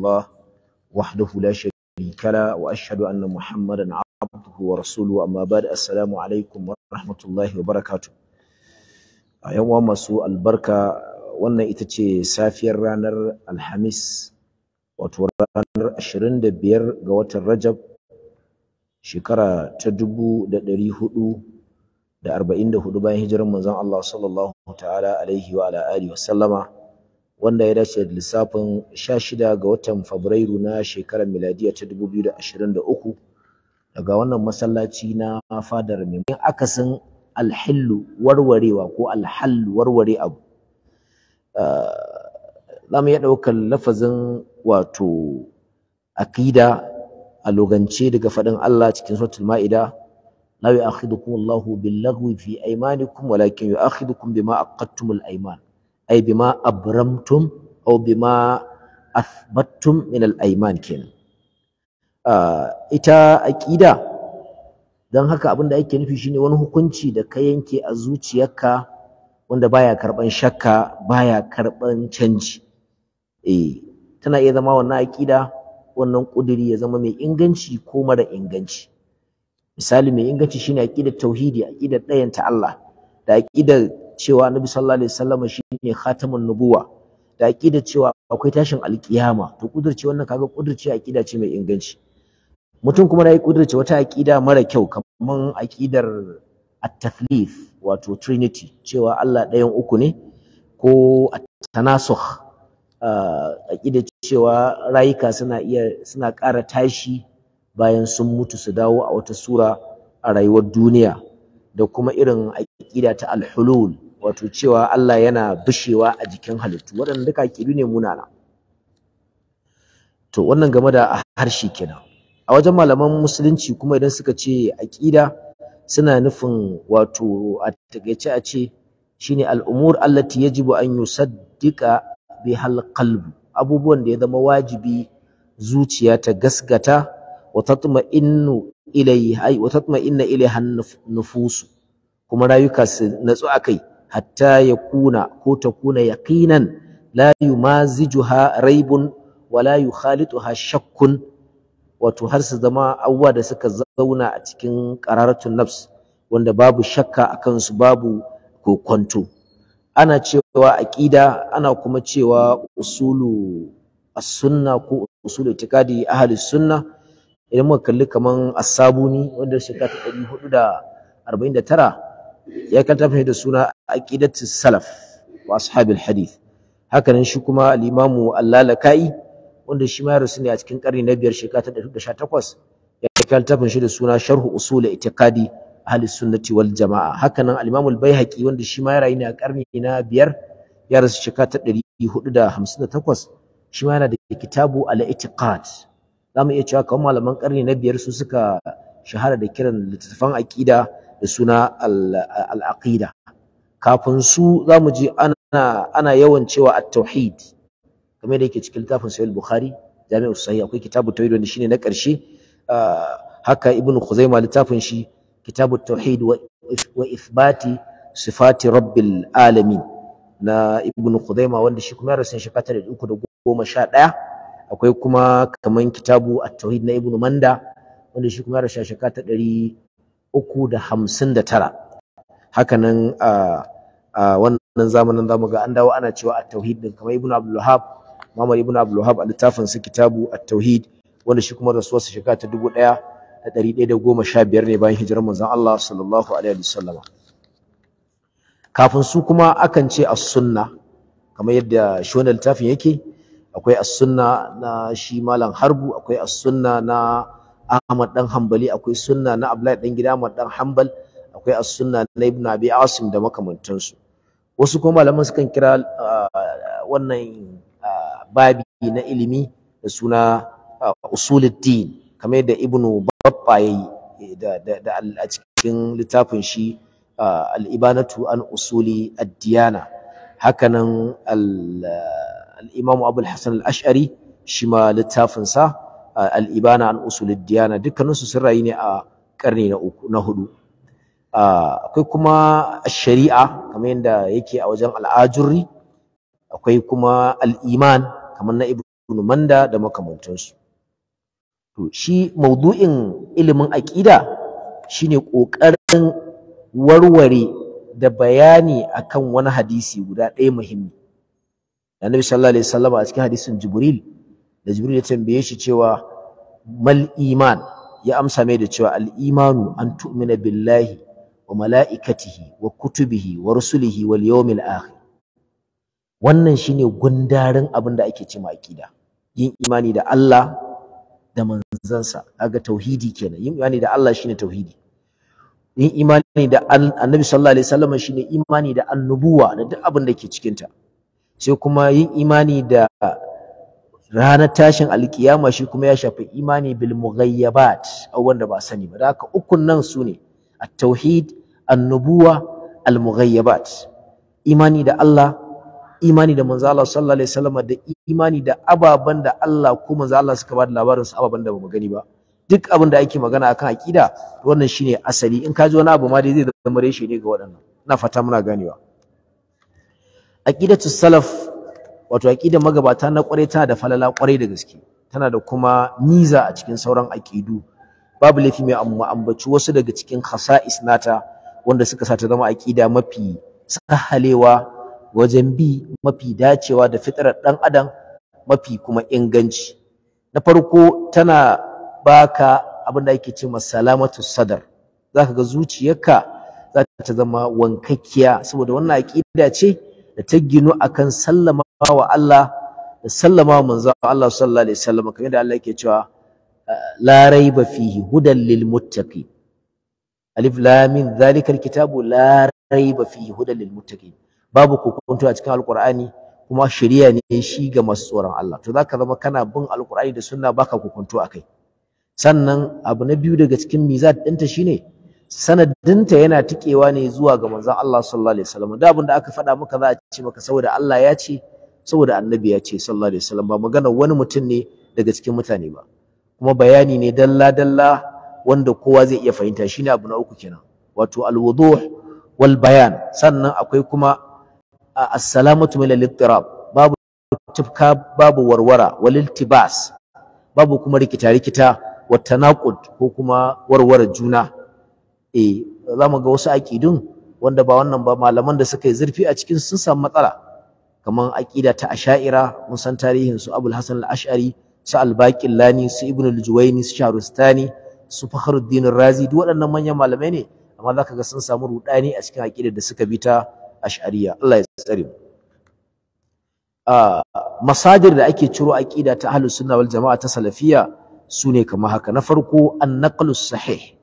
الله وحده لا شريك له وأشهد أن محمدا عبده ورسوله أما بعد السلام عليكم ورحمة الله وبركاته أيوة مسوء البركة wannan ita ce safiyar ranar alhamis wato ranar 25 ga watan rajab shekara ta 1444 bayan hijirar manzon Allah sallallahu wanda ya dace da lissafin 16 ga watan Fabrairu na shekarar miladiya ta 2023 daga wannan masallaci na fadar mai akasin alhillu warwarewa ko alhallu warware abu eh, mu iya ɗaukar lafazin wato akida a logance daga faɗin Allah cikin suratul ma'ida la yu'akhidukum Allahu bil-laghwi fi aymanikum walakin yu'akhidukum bima aqadtumul ayman ai bima abramtum aw bima athbattum min al-ayman kenan ah, ita aqida dan haka abin da ake nufi shine wani hukunci da ka yanke a zuciyarka wanda baya karban shakka baya karban canji eh tana iya zama wannan aqida wannan kuduri ya zama mai inganci ko mara inganci misali mai inganci shine aqidar tauhidi aqidar ta Allah da aqidar cewa Nabi sallallahu alaihi wasallam shine khatamun nubuwa da aqida cewa akwai tashin alkiyama to kudurce wannan kaga kudurce aqida ce mai inganci mutum kuma da ya kudurce wata aqida mara kyau kaman aqidar at-tathlif wato trinity cewa Allah ɗayan uku ne ko at-tanasukh ah, aqidar cewa rayuka suna iya suna ƙara tashi bayan sun mutu su dawo a wata sura a rayuwar duniya da kuma irin aqida ta al hulul wato cewa Allah yana bishewa a jikin halittu waɗannan duka aƙidu ne munana to wannan game da harshe kenan a wajen malaman musulunci kuma idan suka ce aƙida suna nufin wato a takaice a ce shine al'umur allati yajibu an yusaddiqa bihal qalbu abubuwan da ya zama wajibi zuciya ta gasgata wa tatma'innu ilayhi wa tatma'inna nufusu kuma rayuka su natsu akai hatta yakuna ko takuna yaqinan la yumazijuha raibun wala yukhalituha shakkun wato har su zama abubuwa da suka zauna a cikin qararatun nafs wanda babu shakka akan su babu kokonto ana cewa aqida ana kuma cewa usulu as-sunna ko usulu itikadi ahli sunna idan muka kalli kaman as-sabuni wanda shekara ta 449 ya kan kanta da suna aqidatu salaf wa ashabil hadith haka nan shi kuma al-imamu al-lalaka'i wanda shi ma rasu ne a cikin karni na biyar shekara ta 18 ya kanta shi da suna sharhu usul i'tiqadi ahli sunnati wal jamaa haka nan al-imamu al-baihaqi wanda shi ma ya rayu ne a karni na biyar ya rasu shekara ta 458 shi ma yana da kitabu al-i'tiqad zamu iya cewa kamar malaman karni na biyar su suka shahara da kiran littattafan aqida da suna al kafin su zamu ji ana ana yawan cewa at-tauhid kamar da yake cikin littafin sahih bukhari jami'u sahih akwai kitabu tauhid wanda shine na ƙarshe ah, haka ibn khuzaima littafin shi kitabu tauhid wa ithbati sifati rabbil alamin na ibn khuzaima wanda shi kuma rasul shi katar da uku da goma sha ɗaya akwai kuma kaman kitabu at-tauhid na ibn manda wanda shi kuma rasul shi katar ɗari uku da hamsin da tara hakanan wannan zamanin zamu ga an dawo ana cewa at-tauhid din kamar ibnu abdul wahab mamar ibnu abdul wahab a littafin su kitabu at-tauhid wanda shi kuma rasuwar sa shekara ta dubu ɗaya da ɗari ɗaya da goma sha biyar ne bayan hijirar manzon Allah sallallahu alaihi wasallam kafin su kuma akan ce a sunna kamar yadda shi wannan littafin yake akwai as-sunna na shi malam harbu akwai as-sunna na Ahmad dan Hanbali akwai sunna na Abdullahi dan gida Ahmad dan Hanbal akwai as-sunna na Ibn Abi Asim da makamantansu wasu kuma malaman sukan kira ah, wannan ah, babi na ilimi da suna ah, usuluddin kamar yadda Ibn Babba yayi eh, da a cikin littafin shi al-ibanatu an usuli ad-diyana hakanan al-Imam Abu al-Hasan al-Ash'ari shi ma littafin sa al'ibana an usulid diyana dukkaninsu sun rayu ne a ƙarni na hudu akwai kuma shari'a kamar yadda yake a wajen al'ajurri akwai kuma al'iman, kamar na ibn manda da makamantansu to shi maudu'in ilimin aƙida shine kokarin warware da bayani akan wani hadisi guda ɗaya muhimmi annabi sallallahu alaihi wasallam a cikin hadisin jibril da jibril ya tambaye shi cewa mal iman ya amsa mai da cewa al imanu an tu'mina billahi wa mala'ikatihi wa kutubihi wa rusulihi wal yawmil akhir wannan shine gundarin abin da ake cewa akida yin imani da Allah da manzansa kaga tauhidi kenan yin imani da Allah shine tauhidi yin imani da annabi sallallahu alaihi wasallam shine imani da annubuwa da duk abin da ke cikin ta sai kuma yin imani da ranar tashin alkiyama shi kuma ya shafi imani bil mughayyabat wanda ba sani ba haka ukun nan su ne at-tauhid an-nubuwa al mughayyabat imani da Allah imani da manzo Allah sallallahu alaihi wasallam da imani da ababan da Allah ko manzo Allah suka ba labarin su ababan da bamu gani ba duk abin da ake magana akan aqida wannan shine asali in ka ji wani abu ma dai zai zama reshe ne ga waɗannan na fata muna ganewa aqidatus salaf wato aqidar magabata na kwarai tana da falala kwarai da gaske tana da kuma niza a cikin sauran aqidu babu laifi mai amma ambaci wasu daga cikin khasa'is nata wanda suka sa ta zama aqida mafi sahalewa wajen bi mafi dacewa da fitrar dan adam mafi kuma inganci na farko tana baka abin da ake cewa salamatu sadar zaka ga zuciyarka za ta zama wankakkiya saboda wannan aqida ce da ta ginu akan sallama wa Allah da sallama wa manzo Allah sallallahu alaihi wasallam kamar da Allah yake cewa ah, la raiba fihi hudan lil alif lam min zalikal kitabu la raiba fihi hudan lil babu kokonto a cikin alqur'ani kuma shari'a ne shi ga masu tsoron Allah to zaka zama kana bin alqur'ani da sunna baka kokonto akai sannan abu na biyu daga cikin mizat ɗinta shine sanadinta yana tikewa ne zuwa ga manzon Allah sallallahu alaihi wasallam da abin da aka faɗa maka za a ce maka saboda Allah ya ce saboda annabi ya ce sallallahu alaihi wasallam ba magana wani mutum ne daga cikin mutane ba kuma bayani ne dalla dalla wanda kowa zai iya fahimta shi ne abu na uku kenan wato alwuduh wal bayan sannan akwai kuma assalamatu salamatu min al-ittirab babu tifka babu warwara wal iltibas babu kuma rikita rikita wa tanaqud ko kuma warware juna eh za mu ga wasu aƙidun wanda ba wannan ba malaman da suka yi zurfi a cikin sun samu matsala kamar aƙida ta asha'ira mun san tarihin su abul hasan al-ash'ari su al-baqillani su ibn al-juwayni su sharustani su fakhruddin razi duk waɗannan manyan malamai ne amma zaka ga sun samu rudani a cikin aƙidar da suka bi ta ash'ariya Allah ya tsare mu ah, masajir da ake ciro aƙida ta ahlus sunna wal jama'a ta salafiyya sune kamar haka na farko an-naqlus sahih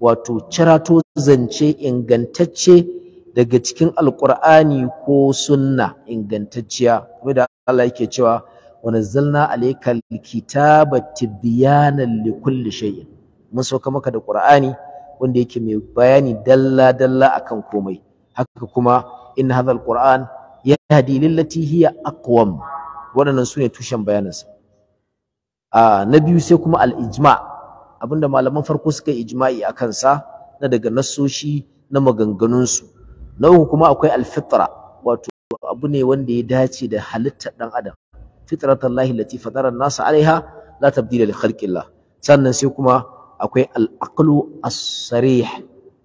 wato cirato zance ingantacce daga cikin alqur'ani ko sunna ingantacciya kuma da Allah yake cewa wanzalna alaykal kitaba tibyanan likulli shay mun sauka maka da qur'ani wanda yake mai bayani dalla dalla akan komai haka kuma in hadha alquran yahdi lillati hiya aqwam wadannan sune tushen bayaninsa a ah, na biyu sai kuma al abinda malaman farko suka yi ijma'i a kansa na daga nassoshi na maganganunsu na uku kuma akwai alfitra wato abu ne wanda ya dace da halittar dan adam fitratan lahi lati fatara nasa alaiha la tabdila li khalqillah sannan sai kuma akwai al-aqlu as-sarih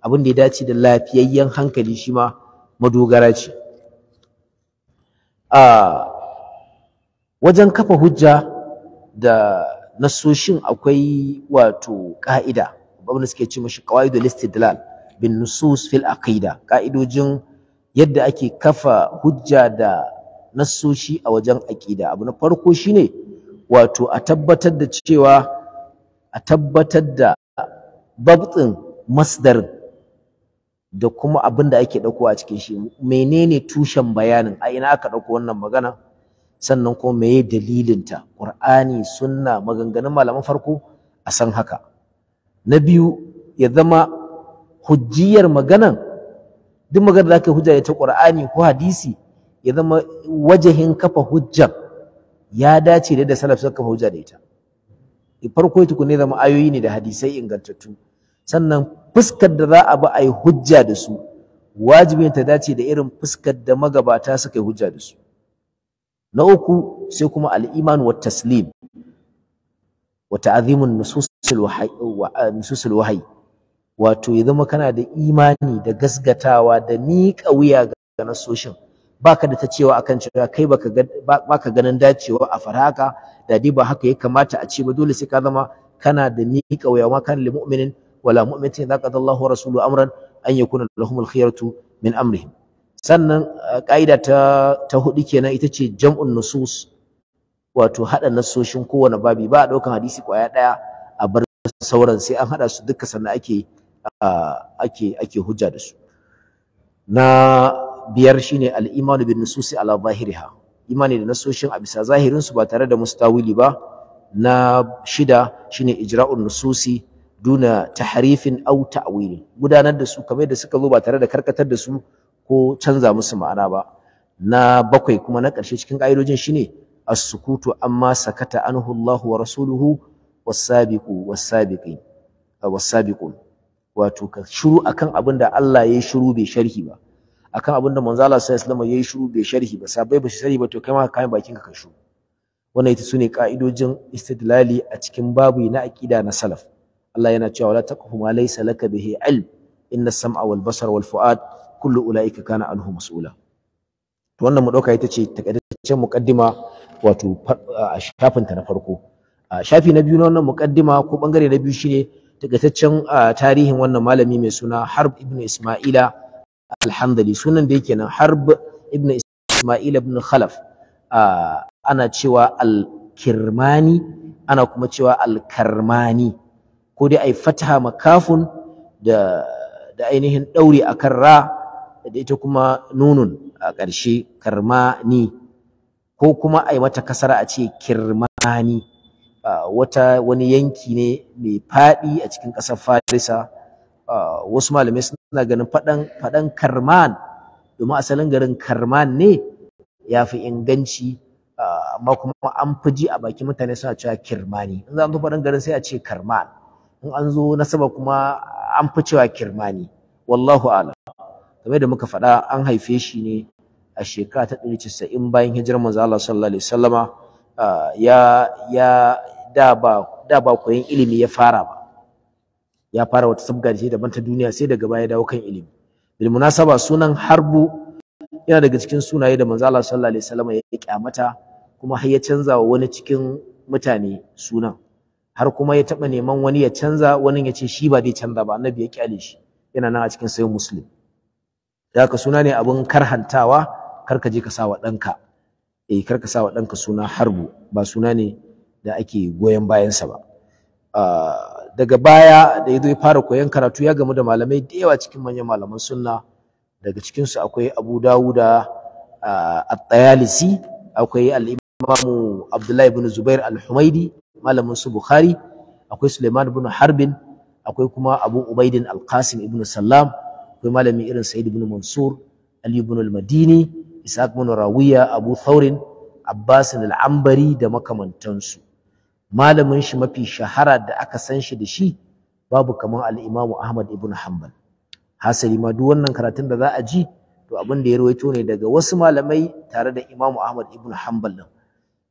abin da ya dace da lafiyayyen hankali shi ma madogara ce a ah, wajen kafa hujja da nassoshin akwai wato ka'ida abin suke ce mashi qawaidul istidlal bin nusus fil aqida ka'idojin yadda ake kafa hujja da nassoshi a wajen aqida abu na farko shine wato a tabbatar da cewa a tabbatar da babtsin masdar, da kuma abin da ake ɗauko a cikin shi menene tushen bayanin a ina aka ɗauko wannan magana sannan kuma dalilin dalilinta ƙur'ani sunna maganganun malaman farko a san haka na biyu ya zama hujjiyar maganan duk maganar da aka hujja ita ƙur'ani ko hadisi ya zama wajahin kafa hujjan ya dace da salaf suka kafa hujja da ita farko ne zama ayoyi ne da hadisai ingantattu sannan fuskar da za a bi a yi hujja da su wajibin ta dace da irin fuskar da magabata suka yi hujja da su na uku sai kuma al-iman wa taslim wa ta'zimun nususil wahayi. wato ya zama kana da imani da gasgatawa da miƙa wuya ga nasoshin baka da ta cewa akan cewa kai baka ganin dacewa a fara da dai ba haka ya kamata a ce ba dole sai ka zama kana da miƙa wuya ma kan lil mu'minin wala mu'minatin zaka qada Allahu rasulu rasuluhu amran an yakuna lahumul khiyaratu min amrihim sannan ƙa'ida ta ta hudu kenan ita ce jam'un nusus wato hada nasoshin kowane babi ba a daukan hadisi kwaya ɗaya a bar sauran sai an haɗa su duka sannan ake hujja da su na biyar shine al-imanu bin nususi ala zahiriha imani da nasoshin a bisa zahirin su ba tare da mustawili ba na shida shine ijra'un nususi duna tahrifin aw ta'wili gudanar da su kamar da suka zo ba tare da karkatar da su ko canza musu ma'ana ba na bakwai kuma na ƙarshe cikin ƙa'idojin shine as-sukutu amma sakata anhu Allah wa rasuluhu was-sabiqu was-sabiqin eh, was wato ka shiru akan abin da Allah yayi shiru bai sharhi ba akan abin da manzo Allah sallallahu alaihi wasallam yayi shiru bai sharhi ba sabai ba sharhi ba to kai ma ka kai bakin ka shiru wannan ita sune ka'idojin istidlali a cikin babu na aqida na salaf Allah yana cewa la taqfu ma laysa laka bihi ilm inna sama wal basara wal fu'ad kullu ulaika kana anhu mas'ula to wannan mu dauka ita ce takaitaccen muqaddima wato shafin ta na farko shafi na biyu na wannan muqaddima ko bangare na biyu shine takaitaccen tarihin wannan malami mai suna Harb ibn Isma'ila al-Hamdali sunan da yake nan Harb ibn Isma'il ibn Khalaf ana cewa al-Kirmani ana kuma cewa al-Karmani ko dai ai fataha makafun da da ainihin dauri akan ra da ita kuma nunun a ƙarshe karmani ko kuma a yi mata kasara a ce kirmani wata wani yanki ne mai faɗi a cikin ƙasar farisa wasu malamai suna ganin faɗan karman domin asalin garin karman ne ya fi inganci amma kuma an fi ji a bakin mutane suna cewa kirmani in za a zo faɗan garin sai a ce karman in an zo nasaba kuma an fi cewa kirmani wallahu ala kamar yadda muka faɗa an haife shi ne a shekara ta ɗari casa'in bayan hijirar manzo Allah sallallahu alaihi wasallama ah, ya ya da ba da ba koyon ilimi ya fara ba ya fara wata sabga da daban ta duniya sai daga baya dawo kan ilimi bil munasaba sunan harbu yana daga cikin sunaye da manzo Allah sallallahu alaihi wasallama ya kyamata kuma har ya canza wa wani cikin mutane sunan har kuma ya taɓa neman wani ya canza wani ya ce shi ba zai canza ba annabi ya kyale shi yana nan a cikin sayin muslim zaka suna ne abin karhantawa karka je ka sa wa ɗanka eh karka sa wa ɗanka suna harbu ba suna ne da ake goyon bayansa ba ah, daga baya da ya ya fara koyon karatu ya gamu da malamai da yawa cikin manyan malaman sunna daga cikinsu akwai abu dawuda ah, at-tayalisi akwai al imam abdullahi ibn zubair al-humaidi malamin su bukhari akwai suleiman ibn harbin akwai kuma abu ubaidin al-qasim ibn sallam akwai malami irin Sa'id ibn Mansur Aliyu ibn al-Madini Isaac ibn Rawiya Abu Thaurin, Abbas al-Ambari da makamantansu malamin shi mafi shahara da aka san shi da shi babu kamar al-Imam Ahmad ibn Hanbal hasali ma duk wannan karatun da za a ji to abin da ya rawaito ne daga wasu malamai tare da Imam Ahmad ibn Hanbal din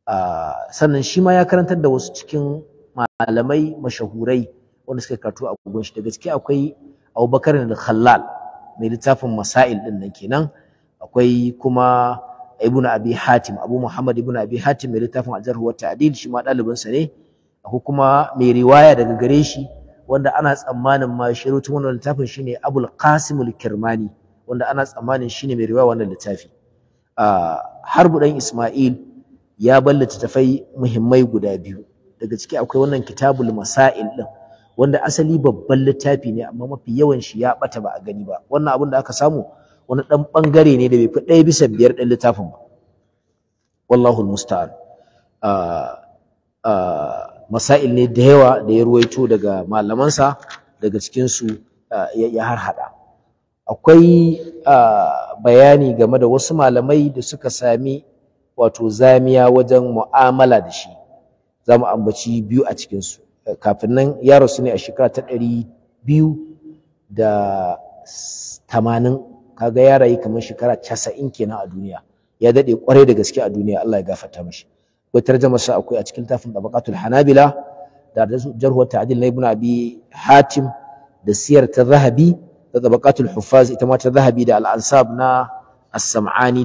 ah, sannan shi ma ya karantar da wasu cikin malamai mashahurai wanda suka karatu a gugun shi da gaske akwai Abubakar da khallal mai littafin masail din nan kenan akwai kuma ibn abi hatim abu muhammad ibn abi hatim mai littafin al-jarh wa ta'dil shi ma dalibin sa ne akwai kuma mai riwaya daga gare shi wanda ana tsammanin ma shi rutu wannan littafin shine abul qasim al-kirmani wanda ana tsammanin shine mai riwaya wannan littafi harbu dan isma'il ya ballata tafai muhimmai guda biyu daga ciki akwai wannan kitabul masail din wanda asali babban littafi ne amma mafi yawan shi ya bata ba a gani ba wannan abin da aka samu wani dan bangare ne da bai fi ɗaya bisa biyar ɗin littafin ba wallahu musta'an ah, ah, masail ne da yawa da ya ruwaito daga malamansa daga cikinsu ah, ya harhaɗa akwai bayani game da wasu malamai da suka sami wato zamiya wajen mu'amala da shi za mu ambaci biyu a cikinsu kafin nan ya rasu ne a shekara ta ɗari biyu da tamanin kaga ya rayu kamar shekara casa'in kenan a duniya ya daɗe ƙwarai da gaske a duniya Allah ya gafarta mashi akwai tarjamar sa akwai a cikin tafin bakatul hanabila da jarhu ta na ibn abi hatim da siyar ta zahabi da tabaqatul huffaz ita ma ta zahabi da al-ansab na as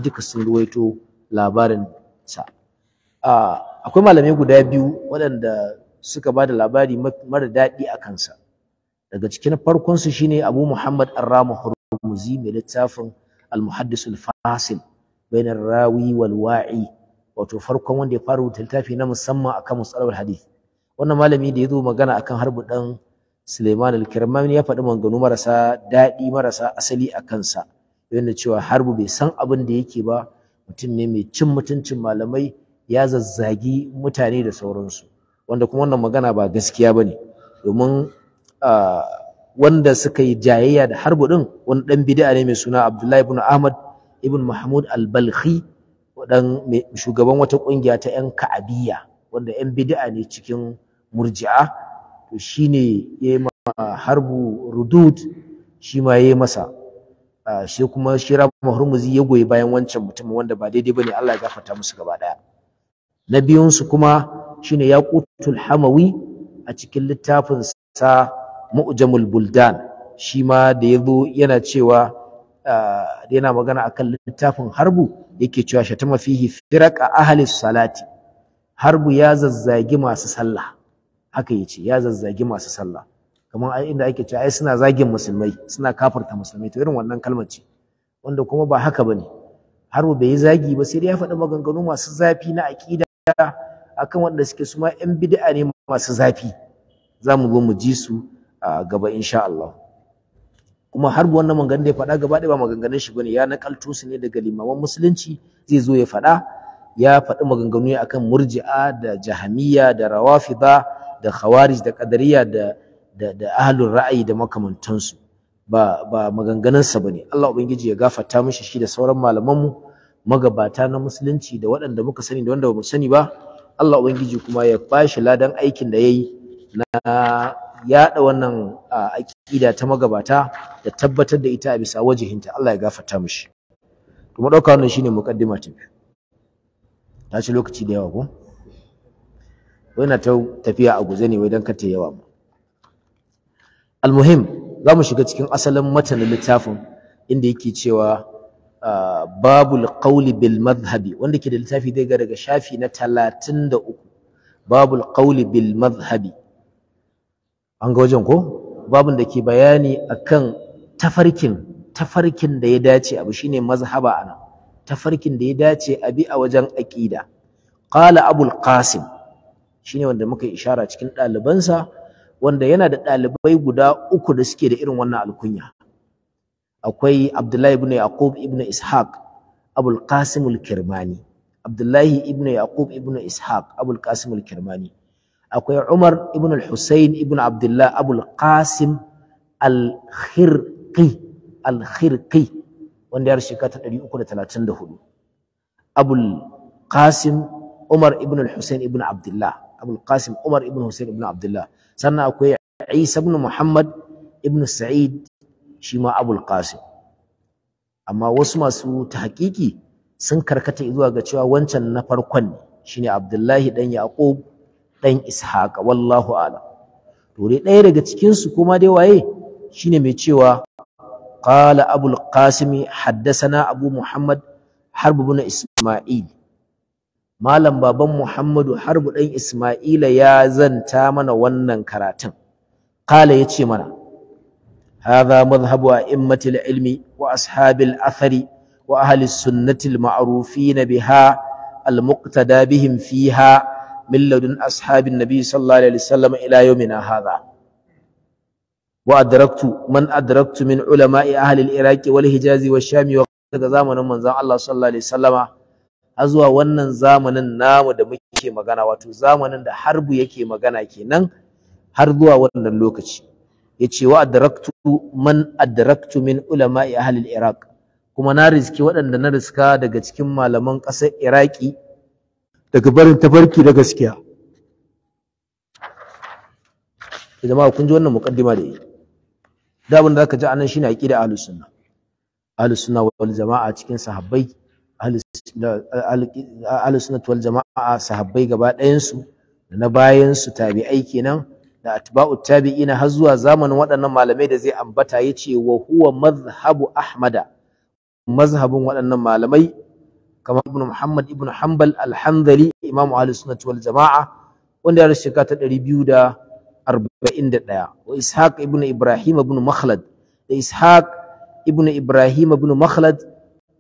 duka sun ruwaito labarin sa ah, akwai malamai guda biyu waɗanda suka ba da labari mara daɗi a kansa daga cikin farkonsu shine abu muhammad arramu hurmuzi mai littafin al-muhaddis al-fasil bain rawi wal wa'i wato farkon wanda ya fara rubuta littafi na musamman akan musalawar hadith wannan malami da ya zo magana akan harbu ɗan Suleiman al ya faɗi maganganu marasa daɗi marasa asali a kansa yana cewa harbu bai san abin da yake ba mutum ne mai cin mutuncin malamai ya zazzagi mutane da sauransu wanda kuma wannan magana ba gaskiya ba ne domin wanda suka yi jayayya da harbu ɗin wani ɗan bidi'a ne mai suna abdullahi ibn ahmad ibn mahmud al-balkhi shugaban wata ƙungiya ta 'yan ka'abiyya wanda 'yan bidi'a ne cikin murji'a to shi ne ya yi harbu rudud shi ma ya yi masa shi kuma shi rabu ya goyi bayan wancan mutumin wanda ba daidai ba ne Allah ya gafarta musu gaba ɗaya na biyunsu kuma shine yaqutul hamawi a cikin littafin sa mu'jamul buldan shi ma da yazo yana cewa da yana magana akan littafin harbu yake cewa shatama fihi a ahli salati harbu ya zazzagi masu sallah haka yace ya zazzagi masu sallah kamar inda ake cewa ai suna zagin musulmai suna kafirta musulmai to irin wannan kalmar ce wanda kuma ba haka bane harbu bai yi zagi ba sai dai ya faɗi maganganu masu zafi na aƙida akan wanda suke su ma yan bid'a ne masu zafi za mu zo mu ji su a gaba insha Allah kuma har wannan maganganun da ya faɗa gaba ɗaya ba maganganun shi bane ya nakalto su ne daga limaman musulunci zai zo ya faɗa ya faɗi maganganu ne akan murji'a da jahamiyya da rawafida da khawarij da qadariyya da da, da ahlul ra'ayi da makamantansu ba ba sa bane Allah ubangiji ya gafarta mishi shi da sauran malaman malamanmu magabata na musulunci da waɗanda muka sani da wanda ba mu sani ba Allah ubangiji kuma ya bashi ladan aikin da ya yi na yaɗa wannan aƙida ta magabata da tabbatar da ita a bisa wajihinta Allah ya gafarta mishi to mu ɗauka wannan shine muqaddima ta biyu ta ci lokaci da yawa ko Wai ta tafiya a guje ne wai dan kar yawa mu almuhim za mu shiga cikin asalin matan littafin inda yake cewa babul qawli bil madhhabi wanda ke da littafi dai ga daga shafi na 33 babul qawli bil madhhabi an ga wajen ko babun da ke bayani akan tafarkin tafarkin da ya dace abu shine mazhaba anan tafarkin da ya dace abi a wajen aqida qala abul qasim shine wanda muka ishara cikin ɗalibansa wanda yana da ɗalibai guda uku da suke da irin wannan alkunya akwai Abdullahi ibn Yaqub ibn Ishaq Abul Qasim al-Kirmani Abdullahi ibn Yaqub ibn Ishaq Abul Qasim al-Kirmani akwai Umar ibn al-Husayn ibn Abdullah Abul Qasim al-Khirqi al-Khirqi wanda ya shekara ta 334 Abul Qasim Umar ibn al-Husayn ibn Abdullah Abul Qasim Umar ibn Husayn ibn Abdullah sannan akwai Isa ibn Muhammad ibn Sa'id shi ma abul qasim amma wasu masu tahqiqi sun karkata zuwa ga cewa wancan na farkon shine abdullahi dan yaqub dan ishaq wallahu a'lam to dai ɗaya daga cikin su kuma dai waye shine mai cewa qala abul qasim haddathana abu muhammad harb ibn isma'il malam baban muhammadu harb dan isma'ila ya zanta mana wannan karatun qala yace mana هذا مذهب أئمة العلم وأصحاب الأثر وأهل السنة المعروفين بها المقتدى بهم فيها من لدن أصحاب النبي صلى الله عليه وسلم إلى يومنا هذا وأدركت من أدركت من علماء أهل العراق والحجاز والشام وقد زامن من زام الله صلى الله عليه وسلم أزوى ونن زامن نام دمكي مغانا واتو زامن دا حرب يكي مغانا كي نن حرب ونن لوكتي yace wa adraktu man adraktu min ulama'i ahli al-iraq kuma na riski waɗanda na riska daga cikin malaman ƙasar iraki daga barin tafarki da gaskiya eh, jama'a kun ji wannan muqaddima da yi da abin da zaka ji anan shine aqida ahlus sunna ahlus sunna wal jama'a cikin sahabbai ahlus sunna wal jama'a sahabbai gaba ɗayan su da na bayan su tabi'ai kenan da atba'u tabi'ina har zuwa zamanin waɗannan malamai da zai ambata yace wa huwa mazhabu ahmada mazhabin waɗannan malamai kamar ibnu muhammad ibnu hanbal al-hanbali imam ahlus sunnah wal jama'a wanda ya rasu shekara ta 241 wa ishaq ibnu ibrahim ibnu makhlad da ishaq ibnu ibrahim ibnu makhlad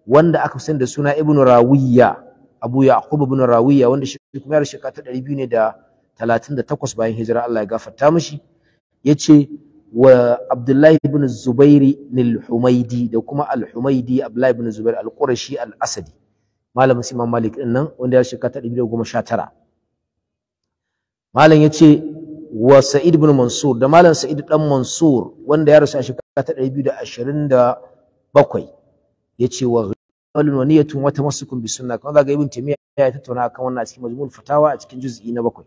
wanda aka sani da suna ibnu rawiya abu yaqub ibnu rawiya wanda shi kuma ya rasu shekara ta 200 ne da Talatin da takwas bayan hijira Allah ya gafarta mishi ce wa Abdullahi ibn Zubairi al-Humaidi da kuma al-Humaidi Abdullahi ibn Zubairi. al-Qurashi al-Asadi malamin Imam Malik din nan wanda ya shekara 1919 malam ya ce wa Sa'id ibn Mansur da malam Sa'id dan Mansur wanda ya rasu a shekara Ya ce wa qawlun wa niyyatun wa tamassukun bi sunnah kuma zaga ibn Taymiyyah ya tattauna kan wannan a cikin majmu'ul fatawa a cikin juz'i na bakwai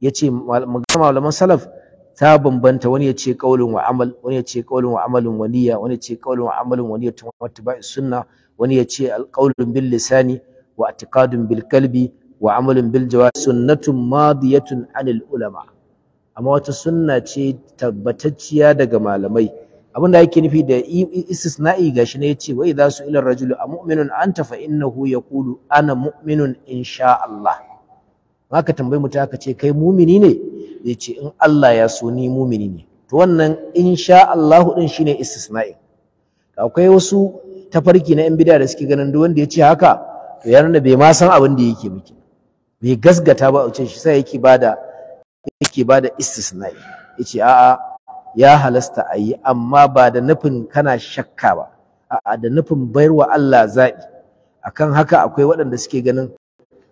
yace magana malaman salaf ta bambanta wani ya ce kaulin wa amal wani ya ce kaulin wa amalin wa niyya wani ya ce kaulin wa amalin wa niyyatun wa ittiba'i sunna wani ya ce alqaulun bil lisani wa i'tiqadun bil qalbi wa amalun bil jawari sunnatun madiyatun anil ulama amma wata sunna ce tabbatacciya daga malamai abinda yake nufi da istisna'i gashi ne yace wa idza su'ila ar-rajulu a mu'minun anta fa innahu yaqulu ana mu'minun insha Allah aka tambayi mutum aka ce kai mumini ne zai ce in Allah ya so ni mumini ne to wannan insha Allah din shine istisna'i akwai wasu tafarki na yan bid'a da suke ganin duk wanda ya ce haka to ya nuna bai ma san abin da yake miki bai gasgata ba a ce shi sai yake bada yake bada istisna'i yace a'a ya halasta a yi amma ba da nufin kana shakka ba a'a da nufin bayarwa Allah zaɓi akan haka akwai waɗanda suke ganin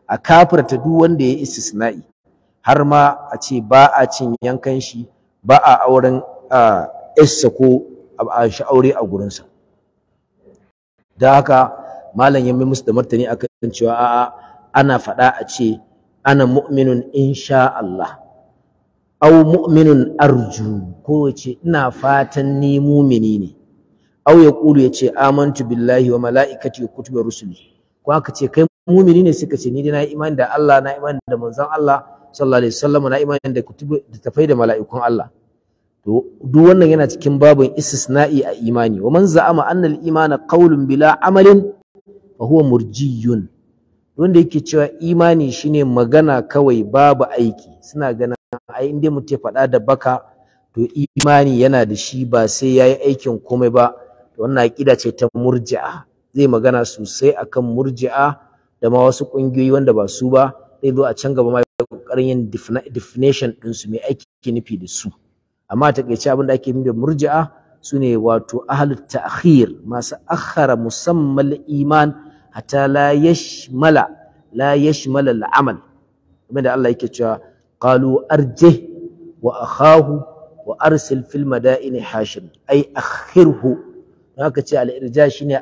a kafirta duk wanda ya istisna'i har ma a ce ba a cin yankan shi ba a auren issa ko a shi aure a gurinsa da haka malam ya mai musu da martani a kan cewa a'a ana faɗa a ce ana mu'minun insha Allah au mu'minun arju ko ce ina fatan ni mu'mini ne au ya kulu yace amantu billahi wa malaikati wa kutubi rusuli ko aka ce kai mumini ne suka ce ni dai na imani da Allah na imani da manzon Allah sallallahu alaihi wasallam na imani da kutubu da tafai da mala'ikun Allah to duk wannan yana cikin babin istisna'i a imani wa man za'ama annal imana qawlun bila amalin fa huwa murjiyun wanda yake cewa imani shine magana kawai babu aiki suna ganin ai inda mutum ya faɗa da baka to imani yana da shi ba sai yayi aikin komai ba wannan aqida ce ta murji'a zai magana sosai akan murji'a da ma wasu ƙungiyoyi wanda ba su ba zai zo a can gaba ma ƙoƙarin yin definition ɗinsu mai ake nufi da su amma a taƙaice abin da ake nufi da murji'a sune wato ahlut ta'khir masu akhara musamman iman hatta la yashmala la yashmala al'amal kamar da Allah yake cewa qalu arjih wa akhahu wa arsil fil madain hashim ai akhirhu haka ce al-irja shine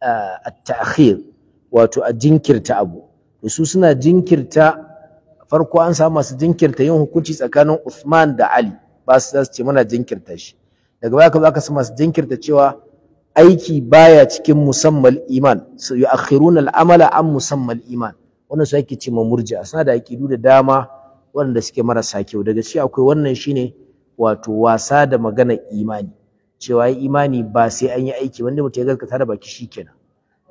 al-ta'khir ah, wato a jinkirta abu su suna jinkirta farko an samu masu jinkirta yin hukunci tsakanin Uthman da Ali ba su za ce muna jinkirta shi daga baya ka zaka masu jinkirta cewa aiki baya cikin musammal iman su yu'akhiruna al'amala an musammal iman wannan su ake ce a suna da aqidu da dama wanda suke marasa kyau daga shi akwai wannan shine wato wasa da magana imani cewa imani ba sai an yi aiki wanda mutum ya gaskata da baki shikenan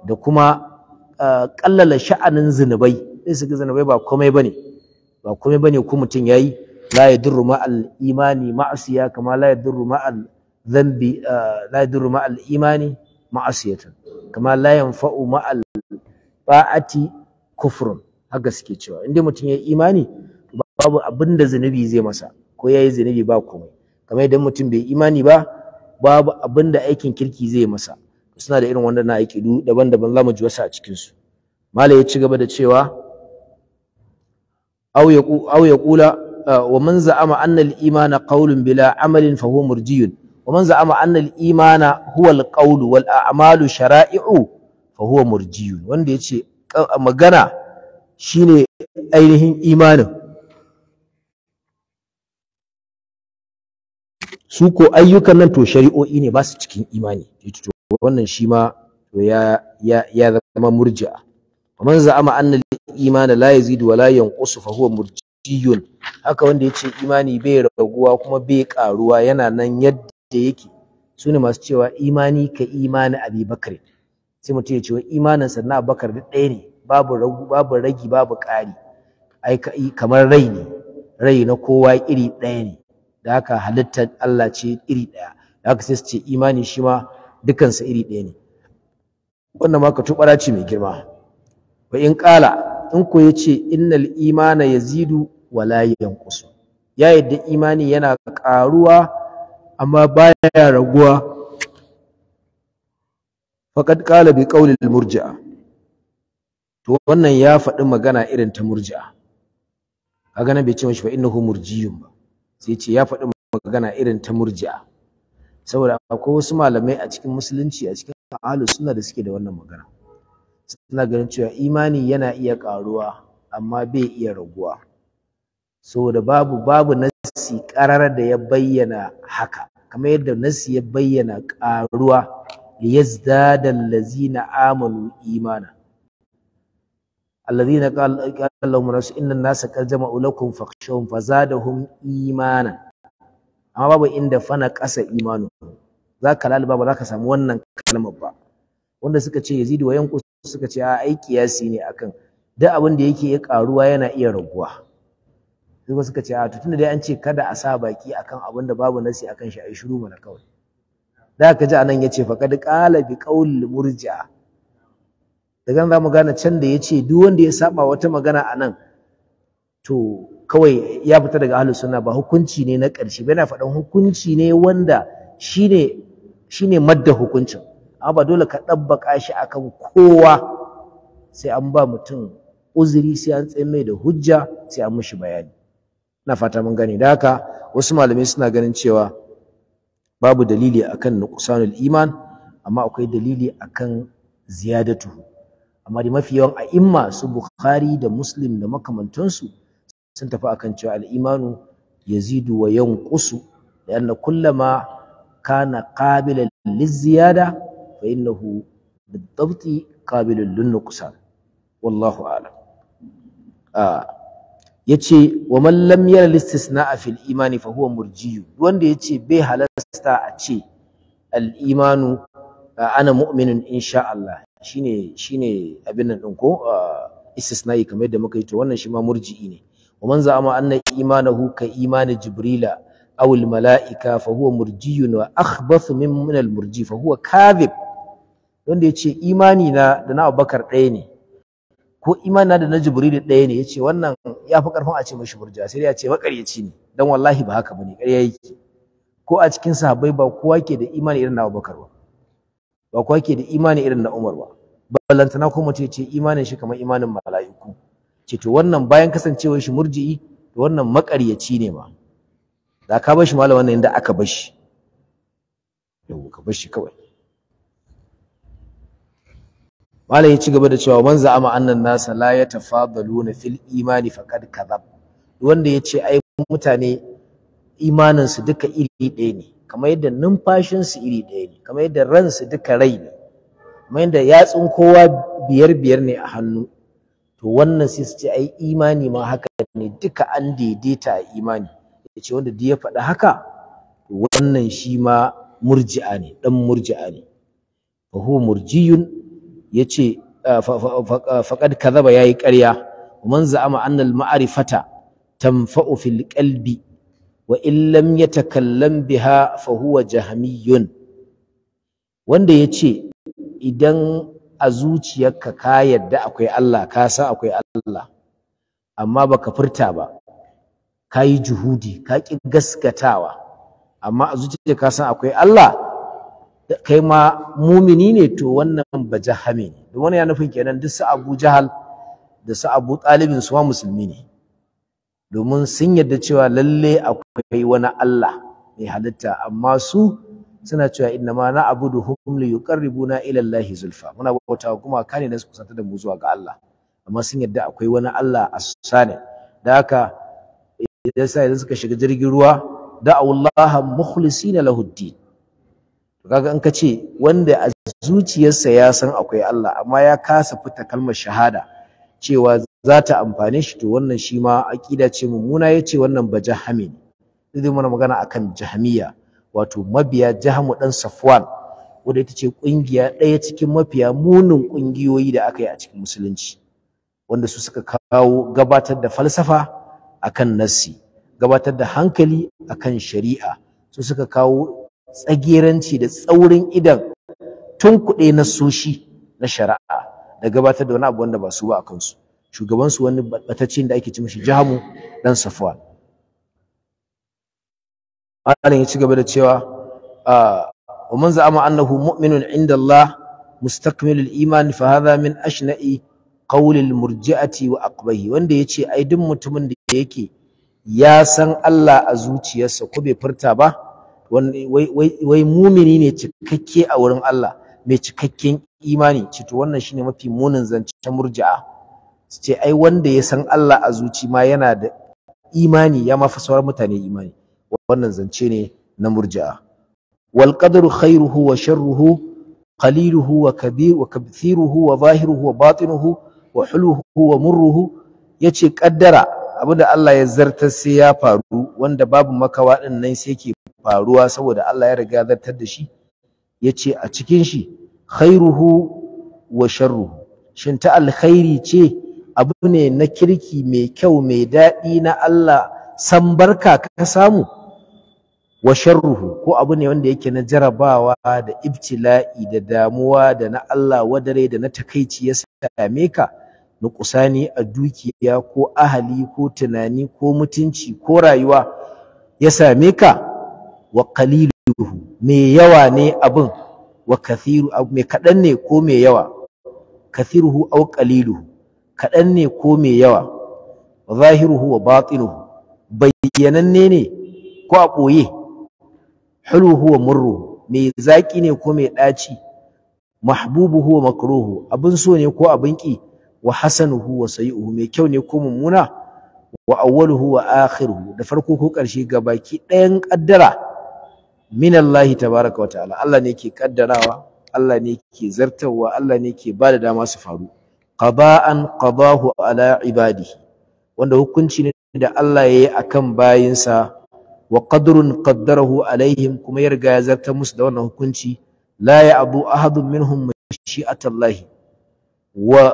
da kuma Eh, kallala sha'anin zinubai sai su ga zinubai ba komai bane ba komai bane ko mutum yayi la yadurru ma al imani ma'asiya kama la yadurru ma al dhanbi eh, la yadurru ma al imani ma'asiyatan kama la yanfa'u ma al ba'ati kufrun haka suke cewa indai mutum yayi imani babu abinda zinubi zai masa ko yayi zinubi ba komai kamar idan mutum bai imani ba babu abinda aikin kirki zai masa suna da irin wannan aƙidu daban-daban za mu ji wasu a cikinsu malam ya ci gaba da cewa aw ya kula wa man za'ama anna al-imana qawlun bila amalin fa huwa murjiyun wa man za'ama anna al-imana huwa al-qawl wal a'malu shara'i'u fa huwa murjiyun wanda yace ah, magana shine ainihin imanin su ko ayyukan nan to shari'o'i ne ba su cikin imani wannan shi ma ya ya ya zama murji'a man za'ama anna al-iman la yazidu wa la yanqusu fa huwa murjiyun haka wanda yace imani bai raguwa kuma bai karuwa yana nan yadda yake sune masu cewa imani ka imani Abi Bakr sai mutum ya ce wa imanin sa na bakar da ɗaya ne babu ragu babu ragi babu ƙari ai kamar rai ne rai na kowa iri ɗaya ne da haka halittar Allah ce iri ɗaya da haka sai su ce imani shi ma dukansa iri ɗaya ne wannan ma ka tubara ce mai girma wa in qala in ko yace innal imana yazidu wala yanqus ya yadda imani yana karuwa amma baya raguwa faqad qala bi qawli al murji'a to wannan ya faɗi magana irin ta murji'a kaga nan bai ce mishi fa innahu murjiyun ba sai ce ya faɗi magana irin ta murji'a saboda akwai wasu malamai a cikin musulunci a cikin al'adu sunna da suke da wannan magana suna ganin cewa imani yana iya karuwa amma bai iya raguwa saboda babu babu nassi ƙararar da ya bayyana haka kamar yadda nassi ya bayyana karuwa yazdada allazina amanu imana allazina qala lahum rasul inna an-nasa qad jama'u lakum fakhshawhum fazadahum imanan amma babu inda fana ƙasa imanu za ka lalaba ba za ka samu wannan kalmar ba wanda suka ce yazidu wa yanku suka ce a ai kiyasi ne akan duk abin da yake ya karuwa yana iya raguwa sai suka ce a to da dai an ce kada a sa baki akan abin da babu nasi akan shi ai shiru mana kawai da ka ji anan yace faqad qala bi qawl murja daga nan mu gane can da ya ce duk wanda ya saba wata magana anan to kawai ya fita daga ahlus sunna ba hukunci ne na ƙarshe ba yana faɗan hukunci ne wanda shine shine madda hukuncin amma ba dole ka ɗabbaka shi akan kowa sai an ba mutum uzuri sai an tsaye mai da hujja sai an mishi bayani na fata mun gane da haka wasu malamai suna ganin cewa babu dalili akan nuqsanul iman amma akwai dalili akan ziyadatu amma da mafi yawan a'imma su Bukhari da Muslim da makamantansu sun tafi akan cewa al'imanu ya yazidu wa da lianna kullama kana qabilan liziyada fa innahu bidabti qabilun linqsan wallahu a'lam yace wa man lam na istisna'a fil imani fa huwa murjiyu wanda yace bai halasta a ce al'imanu ana mu'minun insha Allah shine shine abin nan din ko istisna'i kamar yadda muka yi to wannan shi ma murji'i ne ومن زعم أن إيمانه كإيمان جبريل أو الملائكة فهو مرجي وأخبث من من المرجي فهو كاذب wanda ya ce imani da na abubakar ɗaya ne ko imani na da na jibrilu ɗaya ne ya ce wannan ya fi ƙarfin a ce mashi murja sai ya ce maƙaryaci ne don wallahi ba haka bane ƙarya yake ko a cikin sahabai ba kowa ke da imani irin na abubakar ba ba kowa ke da imani irin na umar ba ballantana ko mutum ya ce imanin shi kamar imanin mala'iku ce wannan bayan kasancewar shi murji'i to wannan makaryaci ne ma da ka bashi malam wannan inda aka bashi yau ka bashi kawai malam ya ci gaba da cewa man za'ama annan nasa la yatafadaluna fil imani faqad kadhab wanda ya ce ai mutane imaninsu duka iri ɗaya ne kamar yadda numfashinsu iri ɗaya ne kamar yadda ransu duka rai ne kamar yadda yatsun kowa biyar biyar ne a hannu to wannan sai su ce ai imani ma haka ne duka an daidaita a imani yace wanda duk ya faɗi haka to wannan shi ma murji'a ne dan murji'a ne fa huwa murjiyun yace faqad kadhaba yayi ƙarya man za'ama anna al-ma'rifata tanfa'u fil qalbi wa in lam yatakallam biha fa huwa jahmiyun wanda yace idan a zuciyarka ka yadda akwai Allah ka san akwai Allah amma baka furta ba ka yi juhudi ka ƙi gaskatawa amma a zuciyarka ka san akwai Allah kai ma mumini ne to wannan ba jahame ne don wannan ya nufin kenan duk su Abu Jahal da su Abu Talibin su musulmi ne domin sun yadda cewa lalle akwai wani Allah mai halitta amma su suna cewa inna ma na hukum li yuqarribuna ila Allah zulfa muna bauta kuma kane da su kusanta da mu zuwa ga Allah amma sun yadda akwai wani Allah a sani da haka idan sai suka shiga jirgin ruwa da'u Allah mukhlisina lahu ad-din kaga in kace wanda a zuciyarsa ya san akwai Allah amma ya kasa fita kalmar shahada cewa za ta amfane shi to wannan shi ma aqida ce mummuna yace wannan ba jahami ne mana magana akan jahmiya wato mabiya jahamu dan safwan wadda ita ce kungiya ɗaya cikin mafiya munin kungiyoyi da aka yi a cikin musulunci wanda su suka kawo gabatar da falsafa akan nassi gabatar da hankali akan shari'a su suka kawo tsagiranci da tsaurin idan tun kuɗe na soshi na shari'a da gabatar da wani abu wanda ba su ba a kansu shugabansu wani batacin da ake ci mishi jahamu dan safwan malam ya ci gaba da cewa ah, wa man za'ama annahu mu'minun inda Allah mustakmilul iman fa hadha min ashna'i qawlil murji'ati wa aqbahi wanda yace ai duk mutumin da yake ya san Allah a zuciyarsa ko bai furta ba wai mumini ne cikakke a wurin Allah mai cikakken imani ce to wannan shine mafi munin ta murji'a ce ai wanda ya san Allah a zuci ma yana da imani ya ma fa sauran mutane imani wannan zance ne na murji'a wal qadaru khairuhu wa sharruhu qaliluhu wa kabiru wa kabthiruhu wa zahiruhu wa batinuhu wa huluhu wa murruhu yace kaddara abinda Allah ya zartar sai ya faru wanda babu makawa din nan sai ke faruwa saboda Allah ya riga zartar da shi yace a cikin shi khairuhu wa sharruhu shin ta alkhairi ce abu ne na kirki mai kyau mai daɗi na Allah san barka ka samu wa sharruhu ko abu ne wanda yake na jarabawa da ibtila'i da damuwa da na Allah wadare da na takaici ya same ka nuqsani a dukiya ko ahali ko tunani ko mutunci ko rayuwa ya same ka wa qaliluhu me yawa ne abin wa kathiru me kadan ne ko me yawa kathiruhu aw qaliluhu kadan ne ko me yawa zahiruhu wa batinuhu bayyananne ne ko a ɓoye hulu huwa murru mai zaki ne ko mai daci mahbubu huwa makruhu abin so ne ko abin ki wa hasanuhu wa sayi'uhu mai kyau ne ko mummuna wa awwaluhu wa akhiruhu da farko ko karshe gabaki ɗayan kaddara minallahi tabaraka wa ta'ala Allah ne yake kaddarawa Allah ne yake zartawa Allah ne yake bada dama su faru qada'an qadahu ala ibadihi wanda hukunci ne da Allah yayi akan bayinsa wa qadrun qaddarahu alaihim kuma ya riga ya zarta musu da wannan hukunci la ya abu ahadun minhum mashi'atallahi wa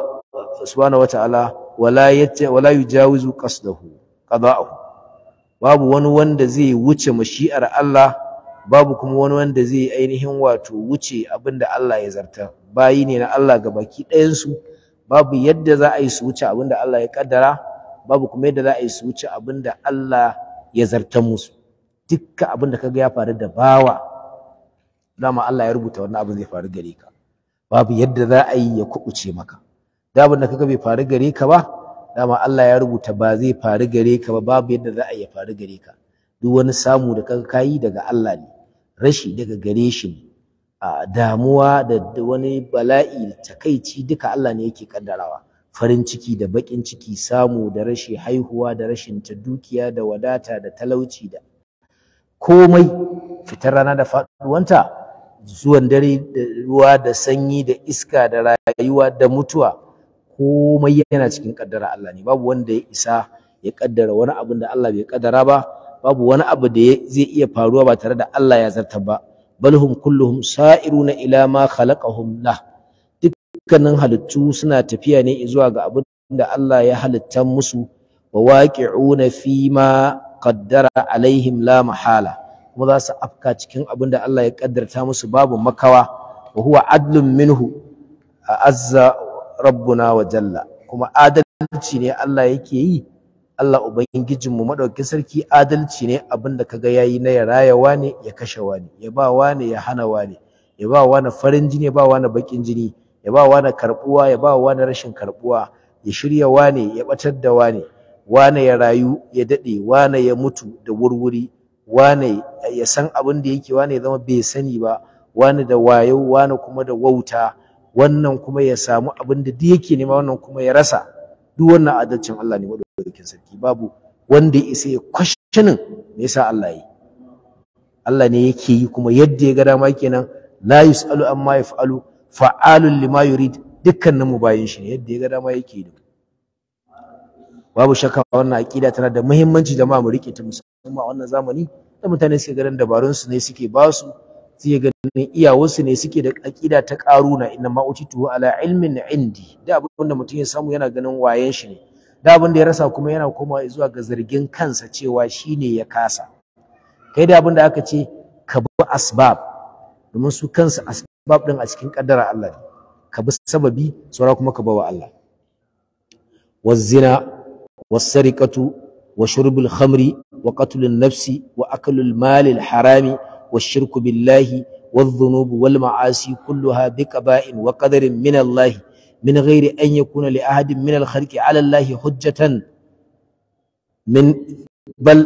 subhanahu wa ta'ala wala yata wala yujawizu qasdahu qada'ahu babu wani wanda zai wuce mashi'ar Allah babu kuma wani wanda zai ainihin wato wuce abinda Allah ya zarta bayi ne na Allah ga ɗayan su babu yadda za a yi su wuce abinda Allah ya kaddara babu kuma yadda za a yi su wuce abinda Allah ya zarta musu dukkan abin da kaga ya faru da bawa dama Allah ya rubuta wannan abin zai faru gare ka babu yadda za a yi ya kuɓuce maka da abin da kaga bai faru gare ka ba dama Allah ya rubuta ba zai faru gare ka ba babu yadda za a yi ya faru gare ka duk wani samu da kaga kayi daga Allah ne rashi daga gare shi ne damuwa da wani bala'i takaici duka Allah ne yake kaddarawa farin ciki da bakin ciki samu da rashi haihuwa da rashin ta dukiya da wadata da talauci da komai fitar rana da faduwanta zuwan dare da ruwa da sanyi da iska da rayuwa da mutuwa komai yana cikin kaddara Allah ne babu wanda ya isa ya kaddara wani abin da Allah bai kaddara ba babu wani abu da zai iya faruwa ba tare da Allah ya zarta ba balhum kullum kulluhum sa'iruna ila ma khalaqahum la dukkanin halittu suna tafiya ne zuwa ga abin da Allah ya halitta musu wa waqi'una fi ma qaddara alaihim la mahala kuma za su afka cikin abin da Allah ya kaddarta musu babu makawa wa huwa adlun minhu azza rabbuna wa jalla kuma adalci ne Allah yake yi Allah mu madaukakin sarki adalci ne abin da kaga yayi na ya rayawa ne ya kashe, wani ya ba, wani ya hana, wani ya ba, wani farin jini ya wani bakin jini ya ba, wani karbuwa ya ba, wani rashin karbuwa ya shirya wane ya batar da wane wane ya rayu ya daɗe wane ya mutu da wurwuri wane ya san abin da yake wane ya zama bai sani ba wane da wayo wane kuma da wauta wannan kuma ya samu abin da duk yake nema wannan kuma ya rasa duk wannan adalcin Allah ne madaukakin sarki babu wanda ya isa ya kwashinin me yasa Allah yi Allah ne yake yi kuma yadda ya ga dama kenan la yusalu amma yaf'alu fa'alun lima yurid dukkanin mu bayin shi ne yadda ya ga dama yake yi babu shakka wannan aqida tana da muhimmanci jama'a mu rike ta musamman a wannan zamani da mutane suke ganin dabarun su ne suke ba su suke ganin su ne suke da aqida ta karuna inna ma utitu ala ilmin indi da abin da mutum ya samu yana ganin wayen shi ne da abin da ya rasa kuma yana komawa zuwa ga zargin kansa cewa shine ya kasa kai da abin da aka ce ka bi asbab domin su kansu asbab din a cikin kaddara Allah ne ka bi sababi saura kuma ka bawa Allah wazzina والسرقة وشرب الخمر وقتل النفس وأكل المال الحرام والشرك بالله والذنوب والمعاصي كلها بقباء وقدر من الله من غير أن يكون لأحد من الخلق على الله حجة من بل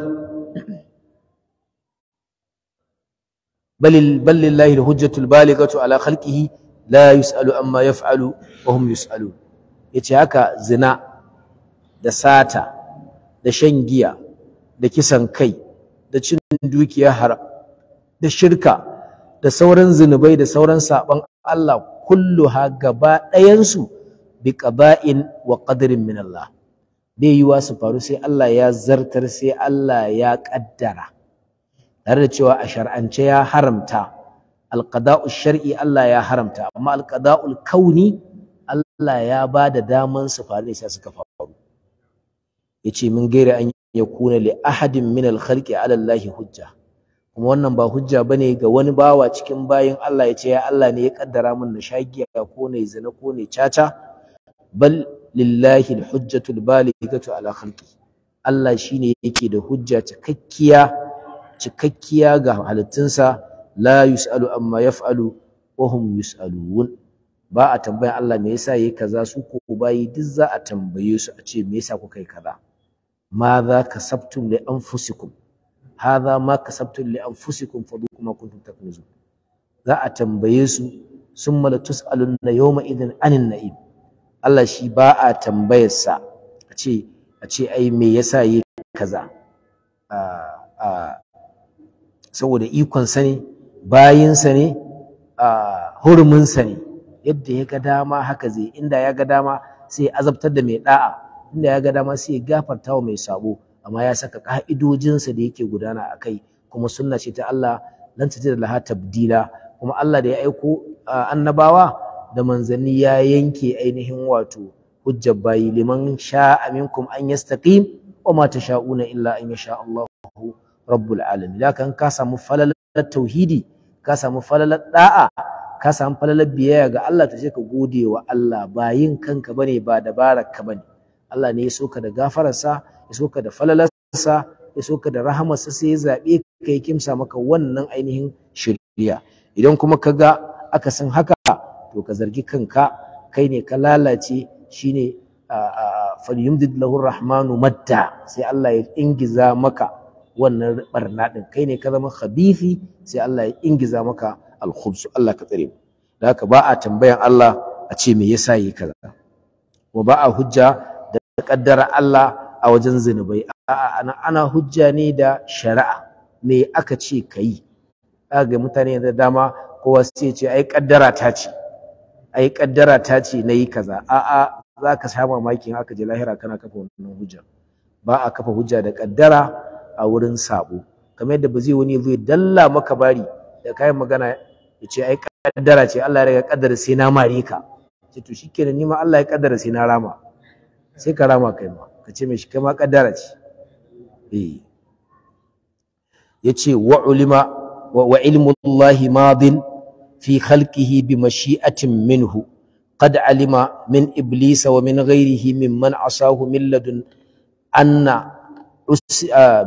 بل بل لله الحجة البالغة على خلقه لا يسأل أما يفعل وهم يسألون يتي زنا da sata da shan giya da kisan kai da cin dukiya haram da shirka da sauran zunubai da sauran saban Allah kulluha gaba ɗayansu bi qada'in wa qadarin min Allah bai yiwa su faru sai Allah ya zartar sai Allah ya kaddara tare da cewa a shar'ance ya haramta alqada'u shar'i Allah ya haramta amma alqada'ul kauni Allah ya ba da daman su faru sai suka faru yace min gaira an yakuna li ahadin min al-khalqi ala Allah hujja kuma wannan ba hujja bane ga wani bawa cikin bayin Allah yace ya Allah ne ya kaddara min na shagiya ko ne zina ko ne caca bal lillahi al-hujjatu al-balighatu ala khalqi Allah shine yake da hujja cikakkiya cikakkiya ga halittunsa la yus'alu amma yaf'alu wa hum yus'alun ba a tambayan Allah me yasa yayi kaza su ko bayi duk za a tambaye su a ce me yasa kuka yi kaza ma za ka sabtun li anfusikum hadha ma kasabtum li anfusikum fadhuqu za a tambaye su summa alun tusaluna yawma idan anin na'im Allah shi ba a tambayar sa a ce ai me yasa yi kaza saboda ikon sani, ne bayin sa ne a ne yadda ya ga dama haka zai inda ya ga dama sai azabtar da mai ɗa'a. inda ya ga dama sai ya gafarta wa mai sabo amma ya saka ka'idojinsa da yake gudana a kai kuma sunna ce ta Allah lan tajid da laha tabdila kuma Allah da ya aiko annabawa da manzanni ya yanke ainihin wato hujjar bayi liman sha'a minkum an yastaqim wa ma tasha'una illa an yasha Allah rabbul alamin da kan ka samu falalar tauhidi ka samu falalar da'a ka samu falalar biyayya ga Allah ta ce ka gode wa Allah ba yin kanka bane ba dabarar ka bane Allah ne ya soka da gafararsa ya soka da falalarsa ya soka da rahamarsa sai ya zaɓe ka yi kimsa maka wannan ainihin shirya idan kuma ka ga aka san haka to ka zargi kanka kai ne ka lalace shine falyumdid lahu rahmanu matta sai Allah ya ingiza maka wannan barna din kai ne ka zama khabifi sai Allah ya ingiza maka alkhubsu Allah ka tsare mu da haka ba a tambayan Allah a ce me yasa yi kaza Kuma ba a hujja da kaddara Allah a wajen zinubai a'a ana hujja ne da shari'a me aka ce kai ga mutane da dama kowa sai ce ai kaddara ta ce ai kaddara ta ce nayi kaza a'a zaka sha mamakin aka je lahira kana kafa wannan hujja ba a kafa hujja da kaddara a wurin sabo kamar yadda ba zai wani zai dalla maka bari da kayan magana ya ce ai kaddara ce Allah ya riga sai na mare ka ce to shikenan ni ma Allah ya kaddara sai na rama sai ka rama kai ma ka ce mai shi kai ma kaddara ce eh yace wa ulima wa ilmu Allahi madin fi khalqihi bi mashi'atin minhu qad alima min iblisa wa min ghairihi mimman asahu min ladun anna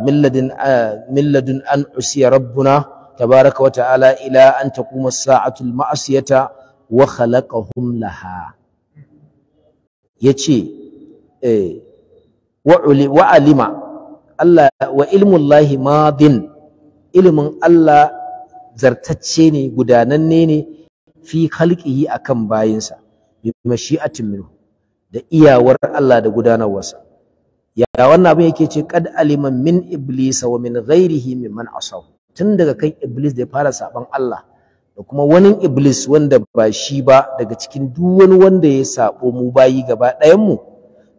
من لدن من لدن أن عسي ربنا تبارك وتعالى إلى أن تقوم الساعة المعصية وخلقهم لها يتشي eh wa Allah wa ilmullahi madin ilimin Allah zartacce ne gudananne ne fi khalqihi akan bayinsa bi mashi'atin minhu da iyawar Allah da gudanarwarsa ya wannan abin yake ce kad alima min iblisa wa min ghairihi mimman asaw tun daga kan iblis da ya fara saban Allah da kuma wani iblis wanda ba shi ba daga cikin duk wani wanda ya sabo mu bayi gaba ɗayan mu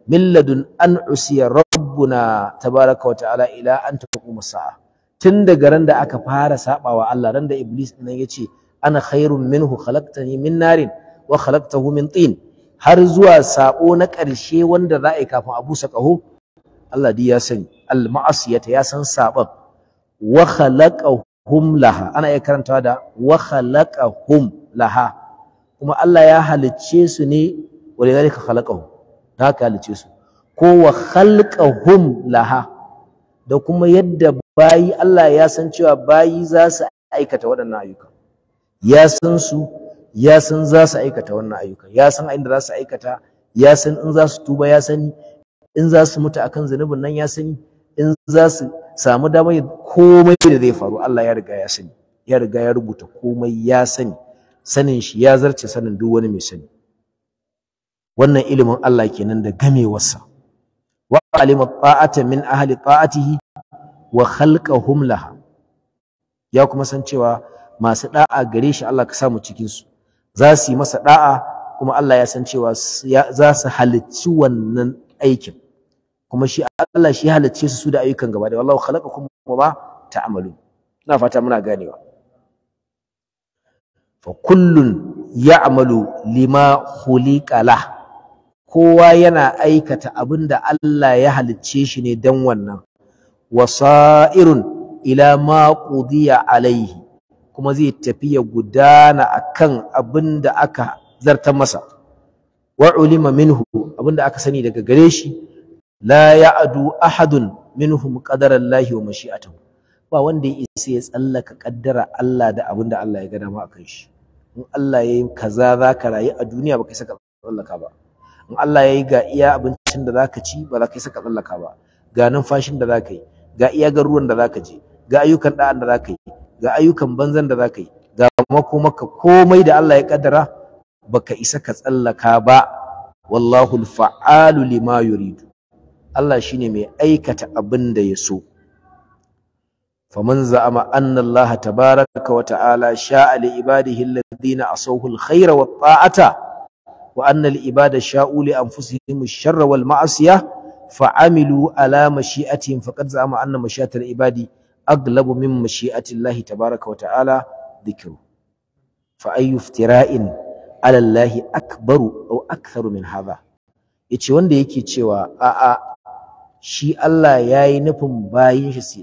min ladun an usiya rabbuna tabaraka wa ta'ala ila an sa'a tun daga ran da aka fara sabawa Allah ran da iblis nan yace ana khairun minhu khalaqtani min narin wa khalaqtahu min tin har zuwa sabo na ƙarshe wanda za a kafin abu busa kaho Allah dai ya sani al ma'asiyata ya san saban wa khalaqahum laha ana iya karantawa da wa khalaqahum laha kuma Allah ya halicce su ne walidhalika khalaqahum da haka halice su ko wa khalqahum laha da kuma yadda bayi Allah ya san cewa bayi za su aikata waɗannan ayyuka ya san su ya san za su aikata wannan ayyuka ya san inda za su aikata ya san in za su tuba ya sani in za su mutu akan zunubin nan ya sani in za su samu damar komai da zai faru Allah ya riga ya sani ya riga ya rubuta komai ya sani sanin shi ya zarce sanin duk wani mai sani wannan ilimin Allah kenan da gamewarsa wa alima ta'ata min ahli ta'atihi wa khalqahum laha ya kuma san cewa masu da'a gare shi Allah ka samu cikin su za su yi masa da'a kuma Allah ya san cewa za su halicci wannan aikin kuma shi Allah shi halicce su su da ayyukan gaba da wallahu khalaqakum wa ma ta'malun ina fata muna ganewa fa kullun ya'malu lima khuliqa lahu kowa yana aikata abin da Allah ya halicce shi ne don wannan wasa'irun ila ma qudiya alaihi kuma zai tafi ya gudana akan abin da aka zartar masa wa ulima minhu abin da aka sani daga gare shi la ya'du ahadun minhum qadara Allah wa mashi'atuhu ba wanda ya isa ya tsallaka kaddara Allah da abin da Allah ya ga dama akan shi in Allah ya yi kaza za ka rayu a duniya baka saka saka tsallaka ba in Allah ya yi ga iya abincin da zaka ci ba za ka yi saka tsallaka ba ga numfashin da zaka yi ga iya garuwan da zaka je ga ayyukan da'an da zaka yi ga ayyukan banzan da zaka yi ga makomaka komai da Allah ya kaddara ka isa ka tsallaka ba wallahu faalu lima yuridu Allah shine mai aikata abin da ya so faman za'ama anna Allah tabaraka wa ta'ala sha'a li ibadihi alladhina asawhu sauhul khayra taata wa annal ibada sha'u li anfusihim ash-sharra wal ma'asiya Fa'amilu. amilu ala mashi'atihim faqad za'ama mashatar ibadi aglabu min mashi'ati Allah tabaaraka wa ta'ala dhikru fa ayyu iftira'in ala Allah akbaru aw aktharu min hadha yace wanda yake cewa a'a shi Allah yayi nufin bayin shi su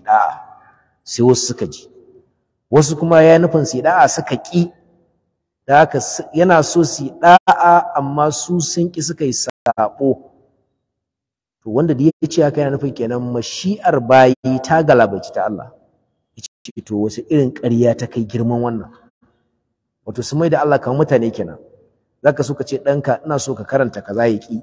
sai wasu suka ji wasu kuma yayi nufin su da'a suka ki da yana so su yi da'a amma su sun ki suka yi saɓo. to wanda da ya ce haka yana nufin kenan mashi'ar bayi ta galabaci ta Allah yace to wasu irin ƙarya ta kai girman wannan wato su mai da Allah kamar mutane kenan zaka so ka ce ɗanka ina so ka karanta kaza ya ki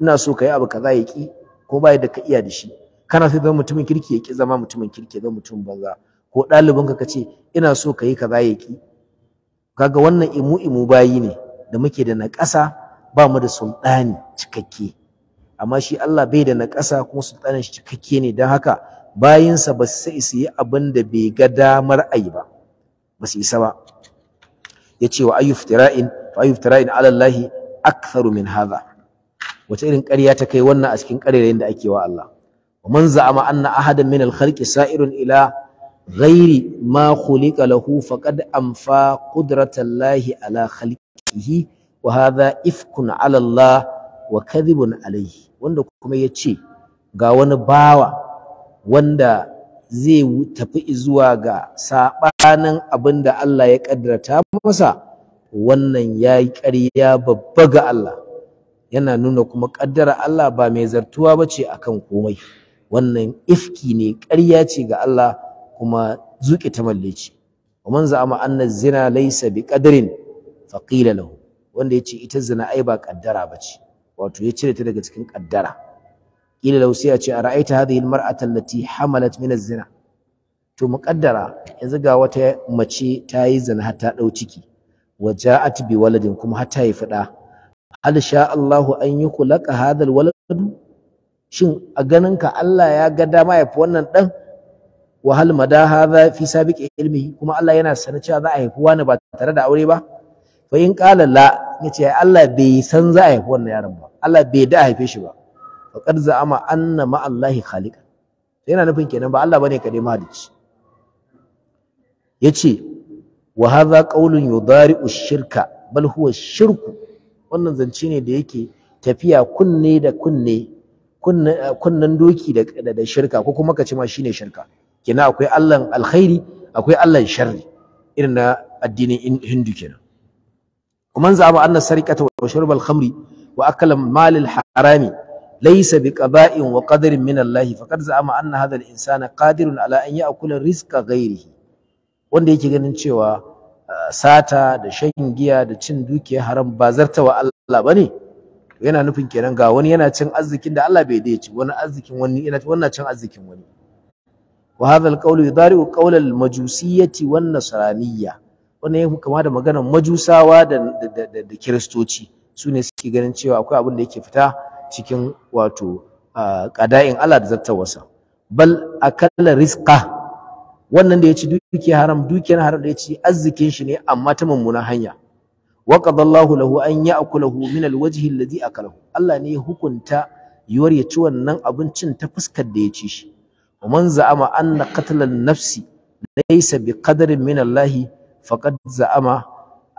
ina so ka yi abu kaza ya ki ko ba da ka iya da shi kana so zama mutumin kirki ya ki zama mutumin kirki ya zama mutumin banza ko ɗalibinka ka ce ina so ka yi kaza ya ki kaga wannan imu imu bayi ne da muke da naƙasa ba mu da sultani cikakke amma shi Allah bai da naƙasa kuma sultanin shi cikakke ne don haka bayinsa ba su isa yi abin da bai ga damar ayi ba ba su isa ba ya ce wa ayyuf tira'in fa ayyuf tira'in ala Allah aktharu min hadha wace irin ƙarya ta kai wannan a cikin ƙarerayin da ake wa Allah wa man za'ama anna ahadan min al-khalqi sa'irun ila ghairi ma khuliqa lahu faqad amfa qudratallahi ala khalqihi wa hadha ifkun ala Allah wa kadhibun alayhi wanda kuma ce ga wani bawa wanda zai tafi zuwa ga sabanin abinda Allah ya kaddarta masa wannan yayi ƙarya babba ga Allah yana nuna kuma ƙaddara Allah ba mai zartuwa ba ce akan komai wannan ifki ne ƙarya ce ga Allah kuma zuƙi ta mallaci wa man za'ama anna zina laysa bi qadrin fa qila lahu wanda yace ita zina ai ba kaddara bace wato ya cire ta daga cikin kaddara qila lahu sai ya ce ara'aita hadhihi almar'ata allati hamalat min az-zina to muqaddara yanzu ga wata mace ta yi zina har ta dau ciki wa bi waladin kuma har ta yi fada hal sha Allahu an yukhliqa hadha alwalad shin a ganinka Allah ya ga dama wannan dan wa hal mada hadha fi sabiqi ilmihi kuma Allah yana sana cewa za a haifi wani ba tare da aure ba fa in qala la yace Allah bai san za a haifi wannan yaron ba Allah bai da haife shi ba faqad za'ama anna ma Allahi khaliqan yana nufin kenan ba Allah bane kadai mahalici yace wa hadha qawlun yudari'u shirka bal huwa shirku wannan zance ne da yake tafiya kunne da kunne kunnen doki da shirka ko kuma ka ce ma shine shirka kina akwai Allahn alkhairi akwai Allahn sharri irin na addinin Hindu kenan kuma zama anna sarikata wa shurb khamri wa akala mal harami laysa biqaba'in wa qadarin min Allah faqad zama anna hadha al-insana qadirun ala an ya'kula rizqa ghairihi wanda yake ganin cewa ah, sata da shan giya da cin dukiyar haram ba zartawa Allah bane yana nufin kenan ga wani yana cin arzikin da Allah bai dace wani arzikin wani yana wannan cin arzikin wani وهذا القول يضارع قول المجوسية والنصرانية wannan yake kama da maganar majusawa da da kiristoci su ne suke ganin cewa akwai abin da yake fita cikin wato qada'in Allah da zattawarsa bal akalla rizqa wannan da yaci duke haram dukiyar haram da yaci arzikin shi ne amma ta mummunan hanya wa qadallahu lahu an ya'kulahu min alwajhi alladhi akalahu Allah ne ya hukunta yuwar ya ci wannan abincin ta fuskar da ya ci shi ومن زعم أن قتل النفس ليس بقدر من الله فقد زعم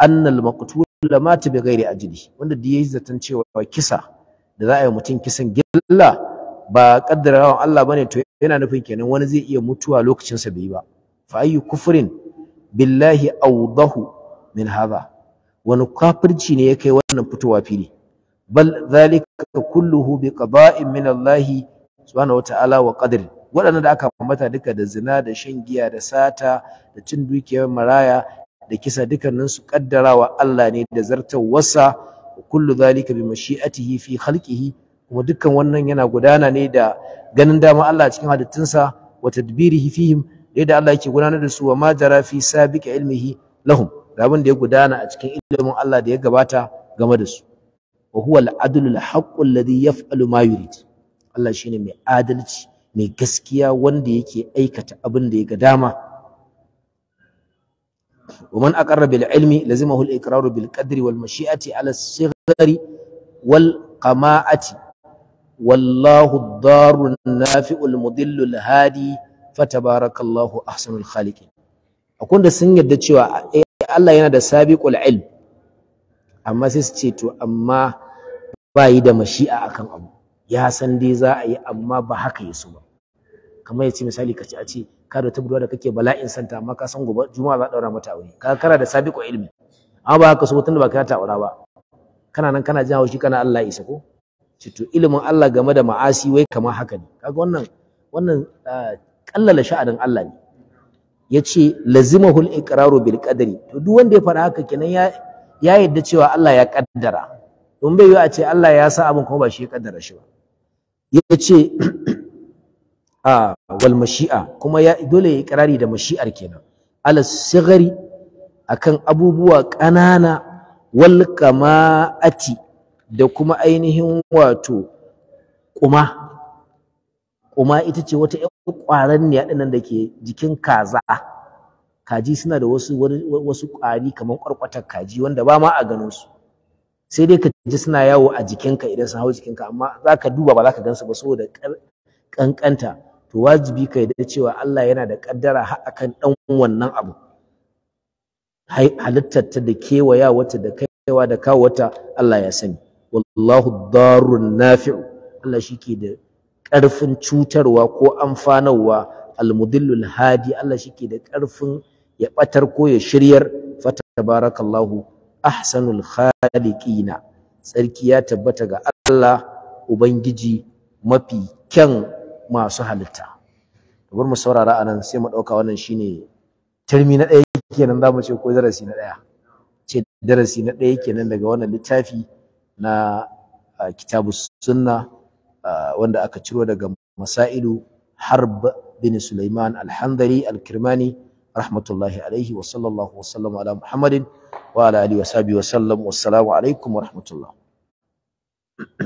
أن المقتول مات بغير أجله wanda da yayi zaton cewa kisa da za a yi mutum kisan gilla ba kaddarawan Allah bane to yana nufin kenan wani zai iya mutuwa lokacin sa bai ba fa ayyu kufrin billahi awdahu min hadha wani kafirci ne ya kai wannan fitowa fili bal zalika kulluhu bi qada'in min Allah subhanahu wa ta'ala waɗannan da aka ambata duka da zina da shan giya da sata da cin dukiyar maraya da kisa dukkanin su kaddarawa Allah ne da zartawarsa wa kullu zalika bi mashi'atihi fi khalqihi kuma dukkan wannan yana gudana ne da ganin dama Allah cikin halittunsa wa tadbirihi fihim yadda Allah yake gudanar da su wa ma jara fi sabiqi ilmihi lahum da abin da ya gudana a cikin ilimin Allah da ya gabata game da su wa huwa al-adlu al-haqqu alladhi yaf'alu ma yurid Allah shine mai adalci mai gaskiya wanda yake aikata abin da ya ga dama ومن أقر بالعلم لزمه الإقرار بالقدر والمشيئة على الصغر والقماعة والله الضار النافع المضل الهادي فتبارك الله أحسن الخالقين أكون دسن يدد شوى الله ينادى سابق العلم أما سيستيتو أما بايد مشيئة أكن أبو ya san dai za a yi amma ba haka ya su ba kamar ya ce misali ka a ce ka da ta da kake bala'in santa amma ka san gobe juma'a za a daura mata aure ka kana da sabiqo ilmi amma ba haka so tunda ba ka ta aura ba kana nan kana jin haushi kana Allah isa ko ce to ilimin Allah game da ma'asi wai kamar haka ne kaga wannan wannan kallala ah, sha'anin Allah ne yace lazimahul iqraru bil qadari to duk wanda ya fara haka kenan ya ya yadda cewa Allah ya kaddara in bai yi a ce Allah ya sa abin kuma ba shi ya kaddara shi ba ya ce a ah, wal mashi'a kuma ya dole ya kirari da mashi'ar kenan ala sigari akan abubuwa ƙanana wal kama'ati da kuma ainihin wato kuma kuma ita ce wata ƴan ƙwaran ne nan da ke jikin kaza kaji suna da wasu wasu ƙwari kamar ƙwarƙwatar kaji wanda ba ma a gano su sai dai ka ji suna yawo a jikinka idan sun hau jikinka amma za ka duba ba za ka gansu ba saboda ƙanƙanta to wajibi ka yi cewa Allah yana da kaddara har akan ɗan wannan abu halittar ta da kewaya wata da kaiwa da kawo wata Allah ya sani wallahu darun nafi'u Allah shi ke da ƙarfin cutarwa ko amfanarwa almudillul hadi Allah shi ke da ƙarfin ya ɓatar ko ya shiryar fata tabarakallahu ahsanul khaliqina tsarki ya tabbata ga Allah ubangiji mafi kyan masu halitta bar mu saurara anan sai mu dauka wannan shine tarmi na ɗaya kenan zamu ce ko darasi na ɗaya ce darasi na ɗaya kenan daga wannan littafi na kitabus sunna wanda aka ciro daga masailu harb bin Sulaiman al-Handari al-Kirmani rahmatullahi alaihi wa sallallahu wa sallam ala Muhammadin wa ala wa sahbihi wa sallam alaikum wa rahmatullah